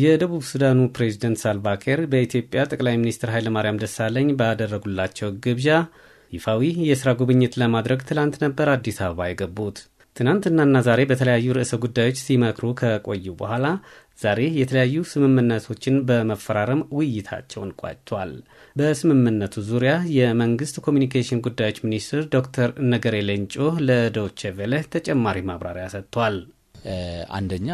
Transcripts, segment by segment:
የደቡብ ሱዳኑ ፕሬዝደንት ሳልቫኪር በኢትዮጵያ ጠቅላይ ሚኒስትር ኃይለማርያም ደሳለኝ ባደረጉላቸው ግብዣ ይፋዊ የሥራ ጉብኝት ለማድረግ ትላንት ነበር አዲስ አበባ የገቡት። ትናንትናና ዛሬ በተለያዩ ርዕሰ ጉዳዮች ሲመክሩ ከቆዩ በኋላ ዛሬ የተለያዩ ስምምነቶችን በመፈራረም ውይይታቸውን ቋጭቷል። በስምምነቱ ዙሪያ የመንግስት ኮሚኒኬሽን ጉዳዮች ሚኒስትር ዶክተር ነገሬ ሌንጮ ለዶቼ ቬለ ተጨማሪ ማብራሪያ ሰጥቷል። አንደኛ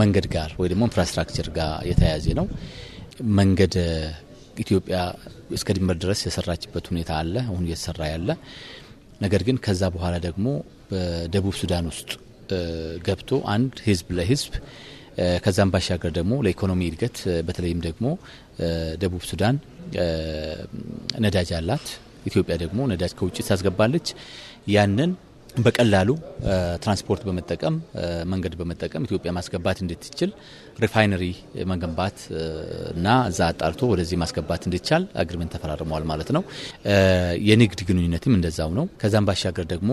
መንገድ ጋር ወይ ደግሞ ኢንፍራስትራክቸር ጋር የተያያዘ ነው። መንገድ ኢትዮጵያ እስከ ድንበር ድረስ የሰራችበት ሁኔታ አለ፣ አሁን እየተሰራ ያለ ነገር ግን ከዛ በኋላ ደግሞ በደቡብ ሱዳን ውስጥ ገብቶ አንድ ህዝብ ለህዝብ ከዛም ባሻገር ደግሞ ለኢኮኖሚ እድገት በተለይም ደግሞ ደቡብ ሱዳን ነዳጅ አላት። ኢትዮጵያ ደግሞ ነዳጅ ከውጭ ታስገባለች። ያንን በቀላሉ ትራንስፖርት በመጠቀም መንገድ በመጠቀም ኢትዮጵያ ማስገባት እንድትችል ሪፋይነሪ መገንባት እና እዛ አጣርቶ ወደዚህ ማስገባት እንድቻል አግሪመንት ተፈራርመዋል ማለት ነው። የንግድ ግንኙነትም እንደዛው ነው። ከዛም ባሻገር ደግሞ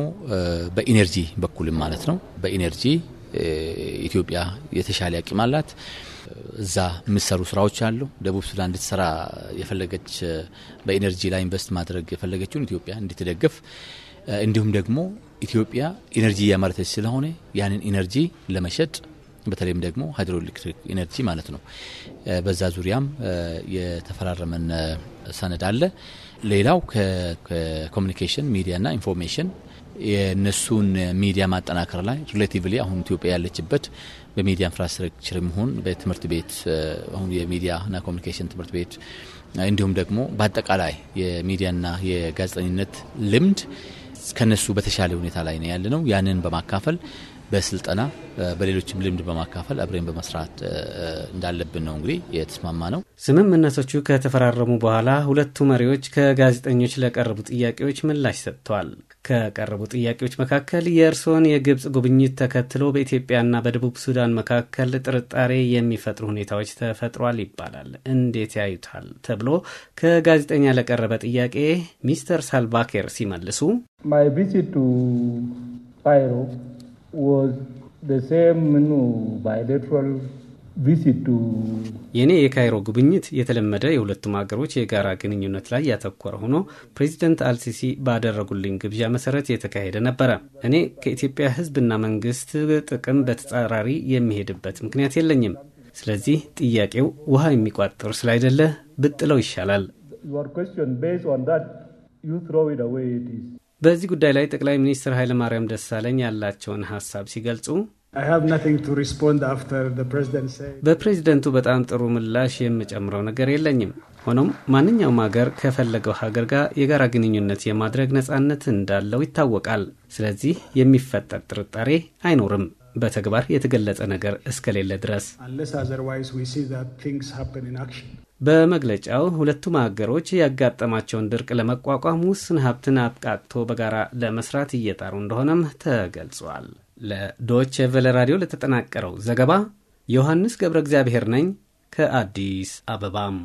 በኢነርጂ በኩልም ማለት ነው። በኢነርጂ ኢትዮጵያ የተሻለ አቅም አላት። እዛ የሚሰሩ ስራዎች አሉ። ደቡብ ሱዳን እንድትሰራ የፈለገች በኢነርጂ ላይ ኢንቨስት ማድረግ የፈለገችውን ኢትዮጵያ እንድትደግፍ እንዲሁም ደግሞ ኢትዮጵያ ኢነርጂ እያመረተች ስለሆነ ያንን ኢነርጂ ለመሸጥ በተለይም ደግሞ ሃይድሮ ኤሌክትሪክ ኢነርጂ ማለት ነው። በዛ ዙሪያም የተፈራረመን ሰነድ አለ። ሌላው ከኮሚኒኬሽን ሚዲያና ኢንፎርሜሽን የእነሱን ሚዲያ ማጠናከር ላይ ሪሌቲቭሊ አሁን ኢትዮጵያ ያለችበት በሚዲያ ኢንፍራስትራክቸር መሆን በትምህርት ቤት አሁን የሚዲያና ኮሚኒኬሽን ትምህርት ቤት እንዲሁም ደግሞ በአጠቃላይ የሚዲያና የጋዜጠኝነት ልምድ ከነሱ በተሻለ ሁኔታ ላይ ነው ያለ ነው። ያንን በማካፈል በስልጠና በሌሎችም ልምድ በማካፈል አብሬን በመስራት እንዳለብን ነው እንግዲህ የተስማማ ነው። ስምምነቶቹ ከተፈራረሙ በኋላ ሁለቱ መሪዎች ከጋዜጠኞች ለቀረቡ ጥያቄዎች ምላሽ ሰጥተዋል። ከቀረቡ ጥያቄዎች መካከል የእርስዎን የግብፅ ጉብኝት ተከትሎ በኢትዮጵያና በደቡብ ሱዳን መካከል ጥርጣሬ የሚፈጥሩ ሁኔታዎች ተፈጥሯል ይባላል፣ እንዴት ያዩታል ተብሎ ከጋዜጠኛ ለቀረበ ጥያቄ ሚስተር ሳልቫኬር ሲመልሱ የኔ የካይሮ ጉብኝት የተለመደ የሁለቱም ሀገሮች የጋራ ግንኙነት ላይ ያተኮረ ሆኖ ፕሬዚደንት አልሲሲ ባደረጉልኝ ግብዣ መሰረት የተካሄደ ነበረ። እኔ ከኢትዮጵያ ሕዝብና መንግስት ጥቅም በተጻራሪ የሚሄድበት ምክንያት የለኝም። ስለዚህ ጥያቄው ውሃ የሚቋጥር ስላይደለ ብጥለው ይሻላል። በዚህ ጉዳይ ላይ ጠቅላይ ሚኒስትር ኃይለማርያም ደሳለኝ ያላቸውን ሀሳብ ሲገልጹ በፕሬዝደንቱ በጣም ጥሩ ምላሽ የምጨምረው ነገር የለኝም። ሆኖም ማንኛውም ሀገር ከፈለገው ሀገር ጋር የጋራ ግንኙነት የማድረግ ነጻነት እንዳለው ይታወቃል። ስለዚህ የሚፈጠር ጥርጣሬ አይኖርም በተግባር የተገለጸ ነገር እስከሌለ ድረስ በመግለጫው ሁለቱም አገሮች ያጋጠማቸውን ድርቅ ለመቋቋም ውስን ሀብትን አብቃቅቶ በጋራ ለመስራት እየጣሩ እንደሆነም ተገልጿል። ለዶች ቨለ ራዲዮ ለተጠናቀረው ዘገባ ዮሐንስ ገብረ እግዚአብሔር ነኝ ከአዲስ አበባም